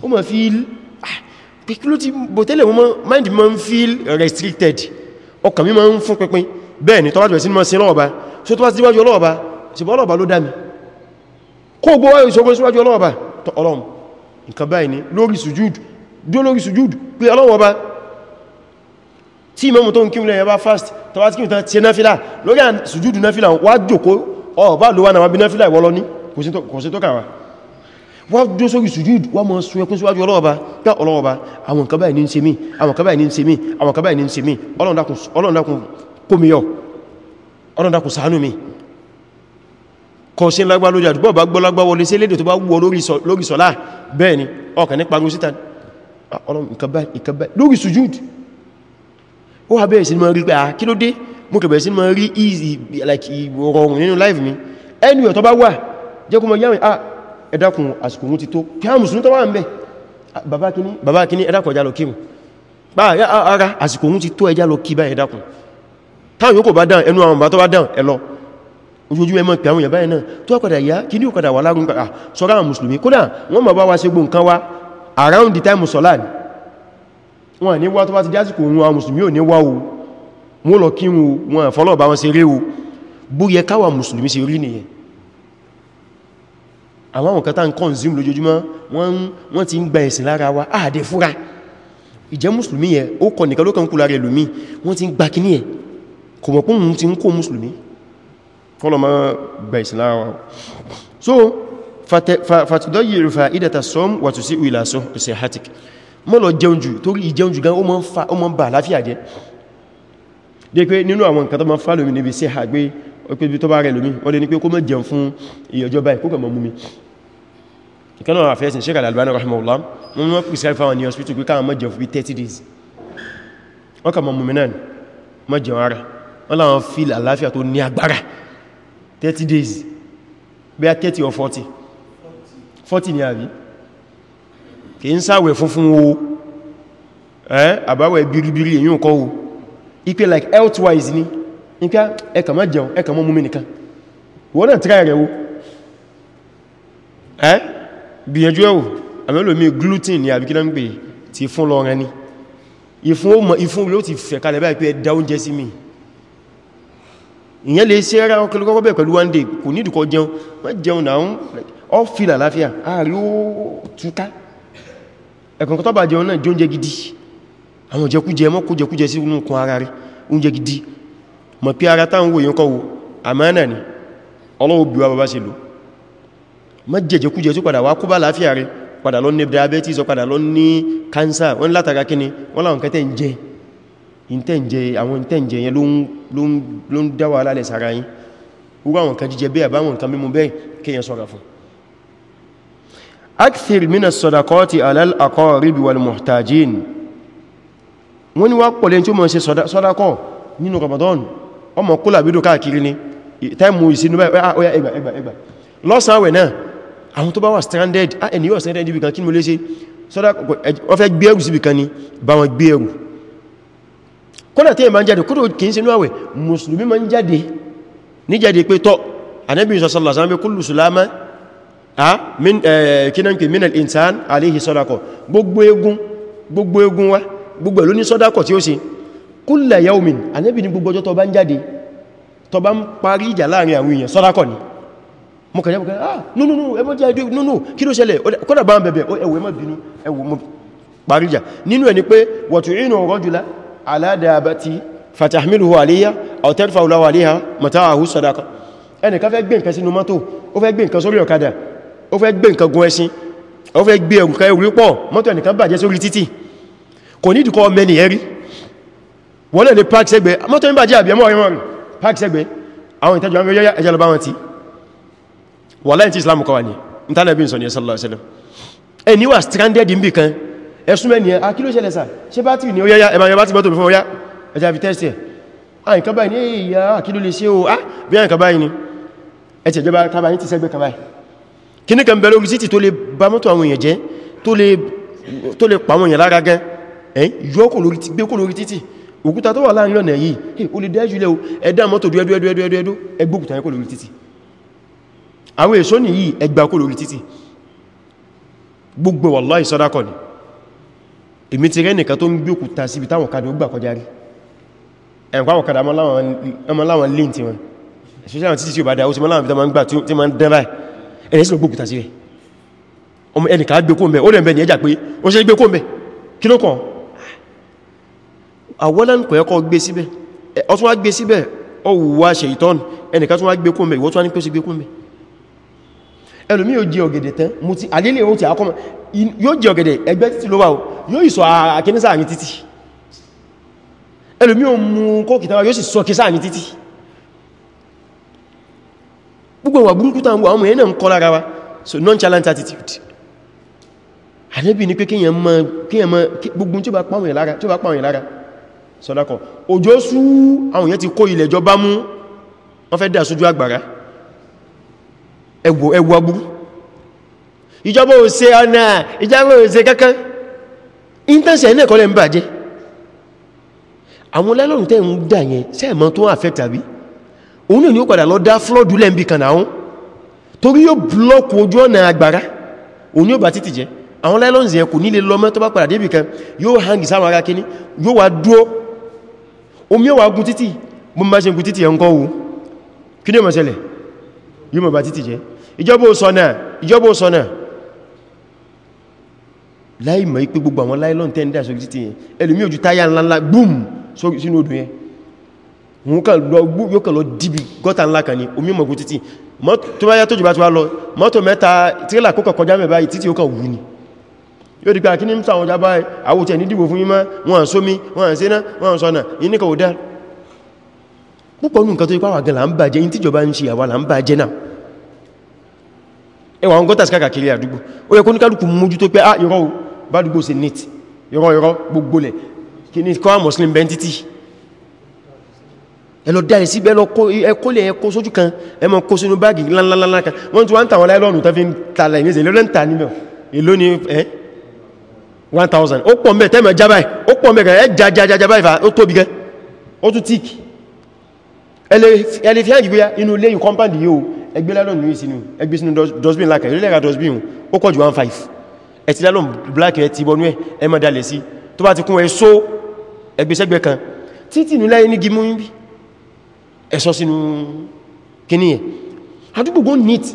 Speaker 1: ó máa feel ah píkílò tí bò tẹ́lẹ̀ wọ́n mind ma ń feel restricted ọkàn mi ma ń fún pínpín bẹ́ẹ̀ ni tọ́wàjọ̀ sí mọ́sí lọ́ọ̀bá so tó wá sí wájú ọlọ́ọ̀bá sí bọ́ ọlọ́ọ̀bá ló dá mi kó gbọ́ wáyé ìṣòro síwájú ọlọ́ọ̀bá tọ́ ọlọ́m nǹkan báyìí ni lórí sujúd dúó lórí sujúd pé ọlọ́ọ̀bá tí ìmọ̀mù tó ń kí ilẹ̀ ẹ̀bá fast tọwá tí kí ìtàn tí náfílà lórí sujúd náfílà wá jòkó ọ̀bá ló wá náwà bí náfílà ìwọ́lọ́ ní kò sí tó kàwàá wọ́n dó sórí sùjúd wọ́n mọ́ sún ẹkún síwájú ọlọ́ọ̀bá pẹ́ ọlọ́ọ̀bá àwọn nǹkan báyìí ní ń ṣe mí àwọn nǹkan báyìí ní ń ṣe mí àwọn nǹkan báyìí ní ń ṣe mí Ọlọ́run dákun kó mi yọ Ọlọ́run dákun ṣàánú mi kọ́ sí lágbá lójú àdúgbò bá gbọ́ lágbá wọlé sí lédè tó bá wù lórí sọ́lá bẹ́ẹ̀ ni ọkàn nípa gbó síta ah, lórí sùjúd ó wà bẹ́ẹ̀ sí ni mo rí pé à ah, kí ló dé mo kẹ̀bẹ̀ sí ni mo rí ìrọ̀rùn nínú láìfì mi ẹni ẹ̀ tó bá wà jẹ́ kó mọ yáwìn ẹ dákun àsìkò mú ti tó kí á mùsùlùmí tó wà ń bẹ̀ ah, bàbá kíní ẹ dákun ẹjá lọ kírun pa ara àsìkò mú ti tó ẹjá lọ kí bá ẹ dákun táwọn yóò kò bá dáhùn ẹnu àwọn bá tó bá dáhùn ẹ lọ ẹmọ pẹ̀ àwọn ìyàbáyẹ̀ náà tó ọkọ̀dà ah, around the time sọ́lá ní wọ́n ní wá tó bá ti jásìkò ohun àwọn mùsùlùmí ò ní wá o wọ́n lọ kírun wọn àwọn nǹkan tá ń consume lójoojúmọ́ wọ́n ti ń gba ẹ̀sìn lára wa ààdẹ fúra ìjẹ́ mùsùlùmí yẹ ó kọ nìkan ló kàn kú lára ẹlòmí wọ́n ti ń gba kí ní ẹ̀ kò mọ̀ pún ti ń kó mùsùlùmí kọlọ ma gba ẹ̀sìn lára wa so fatidọ́ yìí rufa ìdàta sọm wàtù sí ìlà sọhatik mọ́ lọ jẹun jù torí ìjẹun jù gan ó mọ́ ń bà láfíà jẹ́ dé pé nínú àwọn nǹkan tó ma fà lómi níbi sí àgbé ọpẹ́ ìkẹ́nà àfẹ́sìn Sheikh Al-Albani rahimahullah wọ́n wọ́n pèsè àrífà wọn ní hospital pé káà mọ́jẹ̀ fún 30 days wọ́n kà mọ́ mọ́mìnàn mọ́jẹ̀ wọn rẹ̀ wọ́n láwọn fíl àláfíà tó ní agbára 30 days bí a 30 or 40 40 ni àbí kì ń sáwẹ̀ funfun o ẹ́ àbáwẹ̀ biribiri èyí ò kọ́ o ipe like health-wise ni ipe ẹkà mọ́ jẹun ẹkà mọ́ mú mi nìkan wọ́n náà tíráyẹ̀ rẹ̀ o ẹ́ gbìyànjú ẹ̀wò àmẹ́lòmí gluten ni àbíkí náà ń pè tí fún lọ rẹ ní ìfún ó mọ̀ ìfún ló ti fẹ̀ kalẹ̀ báyìí pé ẹ̀dá oúnjẹ sí mi ìyẹn lè ṣe ara ọkọlọ́kọ́ bẹ̀ pẹ̀lú one day kò ní ìdùkọ jẹun wọ́n jẹun náà ó fìlà láfíà ààrí ó túká ẹ̀kùnkọ́ tọ́bà jẹun náà jẹ oúnjẹ gidi àwọn jẹkújẹ mọ́ kó jẹkújẹ sí inú kan ara rẹ̀ oúnjẹ gidi mọ̀ pé ara táwọn wòye ń kọ́wọ́ àmánà má jẹjẹ kújẹ tó padà wá kó bá láàfíà rẹ padà lọ ní diabetes padà lọ ní cancer wọ́n látara kíni wọ́n láwọn kẹtẹ́ ń jẹ ìntẹ́ǹjẹ àwọn ìntẹ́ǹjẹ yẹn ló ń dáwà alálẹ̀ sára yín wúrú àwọn kan jíjẹ bẹ́ẹ̀ àbáwọn kan mímú bẹ́ẹ̀ kíyàn sọ́ra fún akthir mina sọ́dakọ́ti alálàkọ́ ríbi wal muhtajin wọ́n ni wá pọ̀lẹ̀ tí ó mọ̀ ṣe sọ́dakọ́ nínú Ramadan ọmọ kúlà bídò káàkiri ni táìmù ìsinú báyìí àwọn tó bá wà stranded ah ẹni yóò stranded ibi kan kí ni mo lè ṣe sọ́dá wọ́n fẹ́ gbé ẹrù síbi kan ni bá wọn gbé ẹrù kódà tí ẹ ma ń jáde kódà kìí sínú àwẹ̀ mùsùlùmí ma ń jáde ní jáde pé tọ́ Ànábì sallallahu alaihi wasallam kullu sulama ah, eh, kínàkì minal insan alayhi sọ́dákọ̀ gbogbo egun gbogbo egun wa gbogbo ẹ̀lú ní sọ́dákọ̀ tí ó ṣe kulla yawmin Ànábì ní gbogbo ọjọ́ tó bá ń jáde tó bá ń parí ìjà láàrin àwọn èèyàn sọ́dákọ̀ ni mo kàn yẹ́bùkẹ́ ah no no no ẹmọ́ jẹ́ ẹdú no no kí ló ṣẹlẹ̀ kọ́dà bá ń bẹ̀bẹ̀ ẹwọ ẹmọ́ bínú ẹwọ mo paríjà nínú ẹni pé wọ̀tù inú rọ́jùlá aládàbàtí fatahmiluhu aliyya aw tadfa'ulahu aliyha mata'ahu sadaqa ẹni ká fẹ́ gbé nǹkan sínú mọ́tò ó fẹ́ gbé nǹkan sórí ọ̀kadà ó fẹ́ gbé nǹkan gun ẹṣin ó fẹ́ gbé nǹkan ẹrù pọ̀ mọ́tò ẹnìkan bàjẹ́ sórí títì kò ní ìdíkọ́ ọmọ ẹni ẹ̀rí wọ́n lè park sẹ́gbẹ̀ẹ́ mọ́tò ẹni bàjẹ́ àbí ẹmọ́ ọ̀rẹ́ wọn park sẹ́gbẹ̀ẹ́ àwọn ìtẹ́jọ àwọn ẹjẹ́ lọ bá wọn ti wàláhì tí islam kọwà ní ìtànàbí sọ ní sallallahu alaihi wasallam ẹni wà stranded níbì kan ẹ̀sùn mẹ́ni ẹ̀ akílò ah, ṣẹlẹ̀ sà ṣe bá tí ní ó yáyá ẹ̀mà yọ bá tí mọ́tò mi fún ọyá ẹja fi tẹ́sì ẹ̀ àìkà ah, báyìí ní èyà akílò lè ṣe o á bí àìkà báyìí ni ẹ̀tì ìjọba kaba yìí ti sẹ́gbẹ́ kaba yìí kíní kan bẹ lórí títì tó lè ba mọ́tò àwọn èèyàn jẹ́ tó lè pa àwọn èèyàn lára gan ẹ̀ yọ́kò lórí ti gbékò lórí títì òkúta tó wà láàrin ọ̀nà yìí eh, ó lè dẹ́jú lẹ́wọ́ ẹ̀dá mọ́tò dúẹ́dúẹ́dúẹ́dú ẹgbókùtà yẹn kò lórí títì àwọn èso nìyí ẹgbà kó lórí títì gbogbo wallahi sọ́dákọ̀ ni èmi ti rẹ́ nìkan tó ń gbé òkúta síbi táwọn kàdé ó gbà kọjá rí ẹ̀nkọ́ àwọn kàdà ọmọ láwọn lè tí wọn ṣíṣẹ́ àwọn títí tí ó bá dá ó sì mọ́ láwọn ìbítà máa ń gbà tí ma ń dán láì ẹ̀yẹ́ sí lọ gbókúta sí rẹ̀ ọmọ ẹnìkà gbé kó mẹ́ ó lè mẹ́ àwọ́lán kò ẹkọ́ gbé síbẹ̀ ọtún gbé síbẹ̀ ọwọ́ wá ṣe ìtọ́n ẹnìkà tún wá gbé kó mẹ́ ní pé gbé kó ẹlòmí yóò jẹ ọ̀gẹ̀dẹ̀ tán mú ti àlélẹ̀ ohun ti àkọ́mọ̀ yóò jẹ ọ̀gẹ̀dẹ̀ ẹgbẹ́ títí ló wà ó yóò ìsọ àkínísà àrin títí ẹlòmí yóò mú kókì tán yóò sọ kísà àrin títí so nonchalant attitude àlébì ni pé kíyàn mọ kíyàn mọ gbogbo tí ó bá pàwọn lára tí ó bá pàwọn lára sọ́dákọ̀ òjò sú àwọn yẹn ti wọ́n fẹ́ dà sójú àgbàrá ẹwọ ẹwọ agbúrú ìjọba ò ṣe ọ̀nà ìjọba ò ṣe kankan intanṣẹ́ ilẹ̀ kọ́lẹ̀ ń bàjẹ́ àwọn lẹ́lọ́rùn tẹ́ ń dà yẹn sẹ́ẹ̀mọ́ tó affect àbí òun náà ni ó padà lọ dá flood lẹ́m̀bì kan náà torí yóò blọ́ọ̀kù ojú ọ̀nà agbára òun yóò bá títì jẹ́ àwọn lẹ́lọ́rùn yẹn kò nílé lọ́mọ́ tó bá padà débì kan kí ni ó máa ṣẹlẹ̀ yóò bá títì jẹ́ ìjọba òsọ̀nà ìjọba òsọ̀nà láìmọ̀ ipé gbogbo àwọn láìlọ́n tẹ́ndà sórí títí yẹn ẹlùmí ojú táyà ńláńlá boom sínú odò yẹn wọ́n kàn lọ yóò kàn lọ dìbì gọ́ta ńlá kan ní omi mọ̀gbó títí tó bá yá tó jùbá tó bá lọ mọ́tò mẹ́ta tírélà kó kọjá mẹ́bá títí ó kàn wù ní yóò dìgbà kí ní ń sàwọn jábá àwòtẹ̀ ní dìbò fún yímá wọn sómi wọn sẹ́nà wọn sọ́nà ìníkà ẹwà ọgọ́ta sí kàkàkiri àdúgbò ó yẹ kó ní kálùkù mójú tó pé ah ìrọ́ bá dúgbò sí nít ìrọ́ ìrọ́ gbogbo lẹ̀ kí ní kọ́ muslim identity ẹlọ dáre sí bẹ́lọ ẹkọ́lẹ̀ ẹkọ́ sójú kan ẹmọ kó sínú báàgì ńláńláńlá kan wọ́n tún wá ń tàwọn láìlọ́nù tó fi ń tààlà ìmẹ́sẹ̀ lọ́lẹ́ ń tà níbẹ̀ èló ni ẹ́ 1000 ó pọ̀ mẹ́ tẹ́mẹ̀ jábáì ó pọ̀ mẹ́ ẹ́ jajajajábáì fà ẹgbẹ́ lálọ́n ní ìsinú ẹgbẹ́ sínú dustbin lákà ilé lẹ́ra un. ó kọjú 1.5 ẹ̀tí lálọ́n black ẹ̀ ti bọnú ẹ̀ ẹ má dalẹ̀ sí tó bá ti kún ẹ só ẹgbẹ́sẹ́gbẹ́ kan títì nílá ní gimú bí ẹ̀sọ́ sínú kíní ẹ̀ àdúgbò gún neat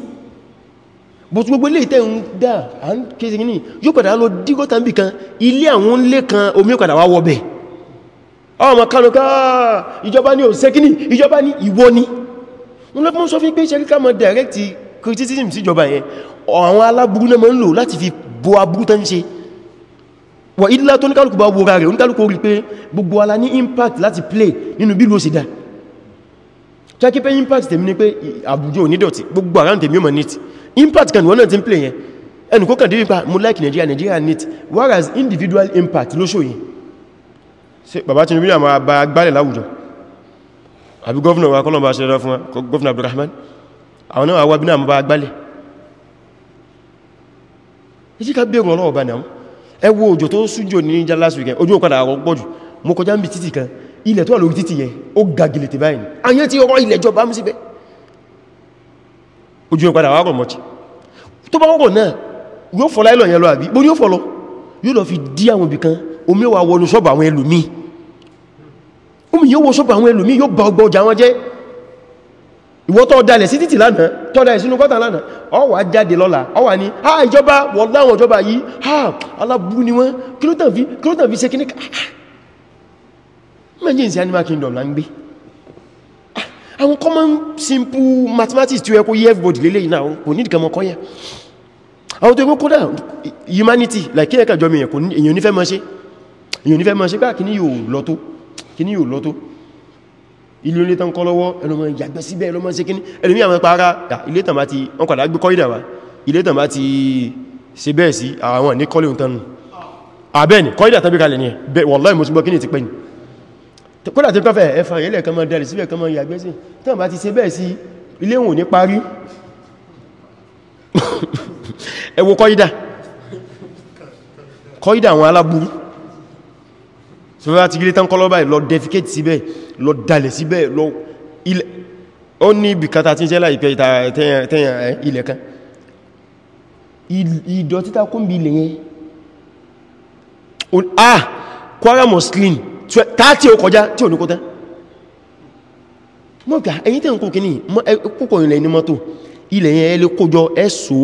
Speaker 1: bọ̀tú gbogbo ilé ìtẹ́ ń dà à ń kéèsì kíní kan ilé àwọn ilé kan omi padà wá wọ́bẹ̀ ọmọ kanúká ìjọba ní òṣèkíní ìjọba wọ́n lọ́pọ̀ sọ fún pé ṣe kíkà mọ́ direct criticism sí ìjọba yẹn àwọn aláburú náà máa ń lò láti fi bo aburú tán ṣe wà ilá tó níkàlùkù bá wòrà rẹ̀ oníkàlùkù rí pé gbogbo ala ní impact láti play nínú bí ló ṣe dá jákí pé impact tèmi ni pé àbújọ onídọ̀tí gbogbo ara tèmi yóò mọ̀ nít impact kan wọ́n náà ti ń play yẹn ẹnù kó kàndé nípa ah, mo like Nigeria Nigeria nít whereas individual impact ló ṣòyìn bàbá Tinubu àmà àgbálẹ̀ láwùjọ àbí gọ́ọ̀nà wa kọ́lọ̀ bá ṣe rọ fún gọ́ọ̀nà Abdulrahman àwọn náà wà bí náà bá gbálẹ̀ ìjí ká bèèrè ọlọ́wọ̀ bá náà ẹ òjò tó súnjò ní ìjà last weekend ojú òkàdà àwọn pọ̀jù mo kọjá ń bi títì kan ilẹ̀ tó wà lórí títì yẹn ó ga gìlìtì báyìí àyẹ́ tí ọrọ̀ ilẹ̀ jọba mú síbẹ̀ ojú òkàdà àwọn ọmọ tó bá wọ́pọ̀ náà yóò fọ́lá ìlọ̀ yẹn omi yóò wo ṣọ́pù àwọn ẹlòmí yóò bá ọgbọ̀ ọjà wọn jẹ́ ìwọ tó dalẹ̀ sí títì lánàá tó dalẹ̀ sínú gọ́ta lánàá ó wá jáde lọ́la ó wá ní ha ìjọba wọ́n láwọn ìjọba yìí ha aláburú ni wọ́n kílótàn fi ṣe kíní ah, ah. mẹ́jì ìsẹ́ animal kingdom la ń gbé common ah, simple mathematics tí ó yẹ kó yé everybody lélẹ̀ iná kò ní ìdíkàmọ́ kọ́yà àwọn tó kókó dáa humanity like kí ẹ̀kà jọmi èyàn nífẹ́ mọ́ ṣe pé àkíní yóò lọ tó kí ní yóò lọ́tọ́ ilé ilé tán kọ́ lọ́wọ́ ẹlọ́mọ ìyàgbẹ́ síbẹ̀ ẹlọ́mọ ṣe kí ní ẹlòmí àwọn para ilé tàn bá ti wọ́n kọ̀dá gbé kọ́ ìdàwà ilé tàn bá ti ṣe bẹ́ẹ̀ sí àwọn ní kọ́lé òǹtanu àbẹ́ni kọ́ ìdà tàbí kalẹ̀ ní ẹ̀ wallahi mo ti gbọ́ kí ní ti pẹ́ ni kódà tí pẹ́fẹ́ ẹfà ilẹ̀ kan mọ́ dalẹ̀ síbẹ̀ kan mọ́ ìyàgbẹ́ sí tàn bá ti ṣe bẹ́ẹ̀ sí ilé so láti gílé tán kọlọ́ báyìí lọ defecate síbẹ̀ lọ dalẹ̀ síbẹ̀ lọ ilẹ̀ ó ní ibìkata tí ń sẹ́lá ìpẹ́ tẹ́yàn ilẹ̀ kan ìdọ̀títà kúnbí ilẹ̀ yẹn ah Kwara muslim tààtí ó kọjá tí ò ní kótá mọ́gbà ẹ̀yìn tẹ́ ń kó kí ní púpọ̀ ilẹ̀ ní mọ́tò ilẹ̀ yẹn ẹ lè kójọ ẹ so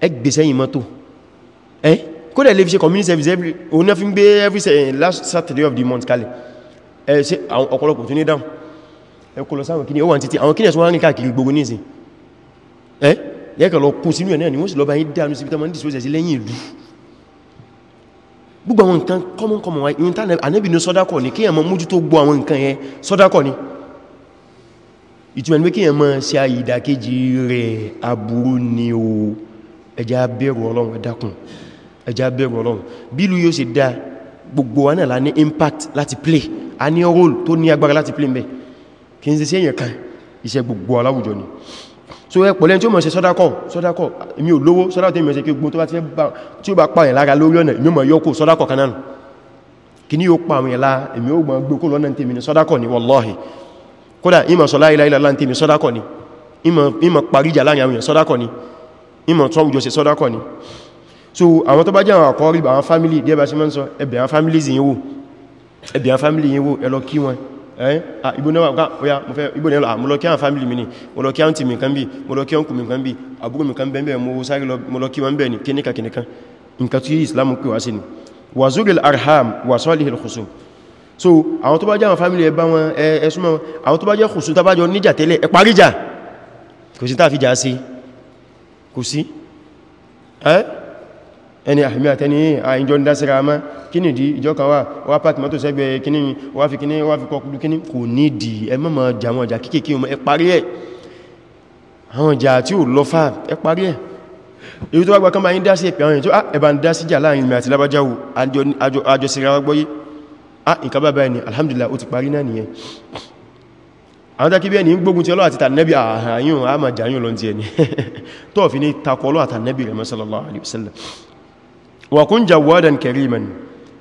Speaker 1: ẹ gbèsẹ́yìn mọ́tò ẹ́ kódẹ̀ lè fi ṣe community service every òun náà fi ń gbé every eh, last Saturday of the month kalẹ̀ ẹ ṣe àwọn ọ̀pọ̀lọpọ̀ tó ní dáhùn ẹkùn lọ sáwọn kíni ó wà títí àwọn kíni ẹ̀sùn wọ́n rìn káàkiri gbogbo ní ìsìn ẹ́ lẹ́ẹ̀kọ̀ lọ kún sínú ẹ̀ náà ni wọ́n sì lọ bá yí dánú sí pítàmọ́ ìdíṣòsẹ̀ sí lẹ́yìn ìlú gbogbo àwọn nǹkan common common wa yìí tánà ànábì ní sọ́dákọ̀ ni kíyàn mọ́ mójú tó gbọ́ àwọn nǹkan yẹn sọ́dákọ̀ ni ìtumẹ̀ ní kíyàn mọ́ sí àyídàkejì rẹ̀ aburú ni o ẹja bẹ̀rù Ọlọ́run ẹ̀dákùn ẹja bẹ̀rù Ọlọ́run bílú yóò ṣe dá gbogbo wa náà ní impact láti play a ní role tó ní agbára láti play mẹ́ kí n ṣe sí èyàn kan iṣẹ́ gbogbo aláwùjọ ni so ẹ pọ̀lẹ́ tí ó mọ̀ ṣe sọ́dákọ̀ sọ́dákọ̀ mi ò lówó sọ́dákọ̀ tí ó mọ̀ ṣe kí gbogbo tó bá ti bá tí ó bá pààyàn lára lórí ọ̀nà mi ò mọ̀ yọ́kù sọ́dákọ̀ kanáà kí ní ó pààyàn yẹn lára èmi ó gbọ́n gbogbo lọ́nà tí mi ni wallahi kódà ìmọ̀ sọ láìláì ni ìmọ̀ paríjà láàrin àwọn sọ́dákọ̀ ni ìmọ̀ tó àwùjọ ṣe sọ́dákọ̀ ni so àwọn tó bá jẹ́ àwọn àkọ́rí àwọn family díẹ̀ bá ṣe mọ́ ń sọ ẹbẹ̀ àwọn families yìí wò ẹbẹ̀ àwọn family yìí wò ẹlọ kí wọn ibo náà wà ọ̀yá mo fẹ́ ibo náà mo lọ family mi ni mo lọ kí àwọn tìmì kan bí mo lọ kí ọkù mi kan bí àbúrò arham wà sọ́lì so àwọn tó bá jẹ́ àwọn family ẹbá wọn ẹsùnmọ́ àwọn tó bá jẹ́ kùsù tàbájọ níjà tẹ́lẹ̀ ẹ parí jà kò sí tàfíjà sí kò sí ẹ́ ẹni àmì àtẹni àìjọ dásíra mọ́ kí ni di ìjọ kan wà wá pàtí mọ́tò sẹ́gbẹ̀ kíní wá fi kíní wá fi kọkùdú kíní kò ní di ẹmọ́ mọ́ jàmọ́ ọjà kíkèkí ọmọ ẹ parí ẹ̀ àwọn ìjà tí ò lọ fà ẹ parí ẹ̀ èyí tó wá gbà kán bá yín dá sí ẹ̀pẹ̀ àwọn èyí tó ẹ̀bà ń ah nǹkan bá báyìí ni alhamdulillah ó ti parí náà nìyẹn àwọn tàkí ẹni ń gbógun ti Ọlọ́run àti tànẹ́bì àhàyùn àmàjàyùn lọ́n ti ẹni tó ní takọ Ọlọ́run àtànẹ́bì rẹ̀ mọ́ sallallahu wa kun jawadan kariman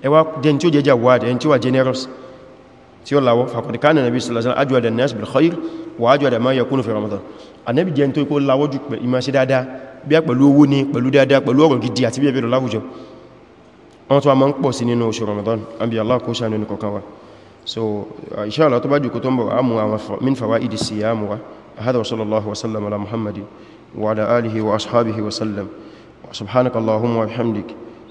Speaker 1: ẹwà den tí ó jẹ jawad en tí wà generous tí ó láwọ́ faqad kana nàbí sallallahu ajwada an-nas bil khair wa ajwada ma yakunu fi ramadan nabi jẹ́ tó kó láwọ́ jù pẹ̀ ìmá sí dáadáa bí pẹ̀lú owó ní pẹ̀lú dáadáa pẹ̀lú ọ̀rọ̀ gidi àti bí ẹbẹ̀rẹ̀ láwùjọ wọ́n tó a máa ń pọ̀ sí nínú oṣù ramadan àbí Allah kó ṣàánú ní kọ̀kan wa so insha Allah tó bá jù kó tó ń bọ̀ a mú àwọn min fawaidi siyam wa hada wa sallallahu wa sallam ala muhammadin wa ala alihi wa ashabihi wa sallam wa subhanaka allahumma wa bihamdik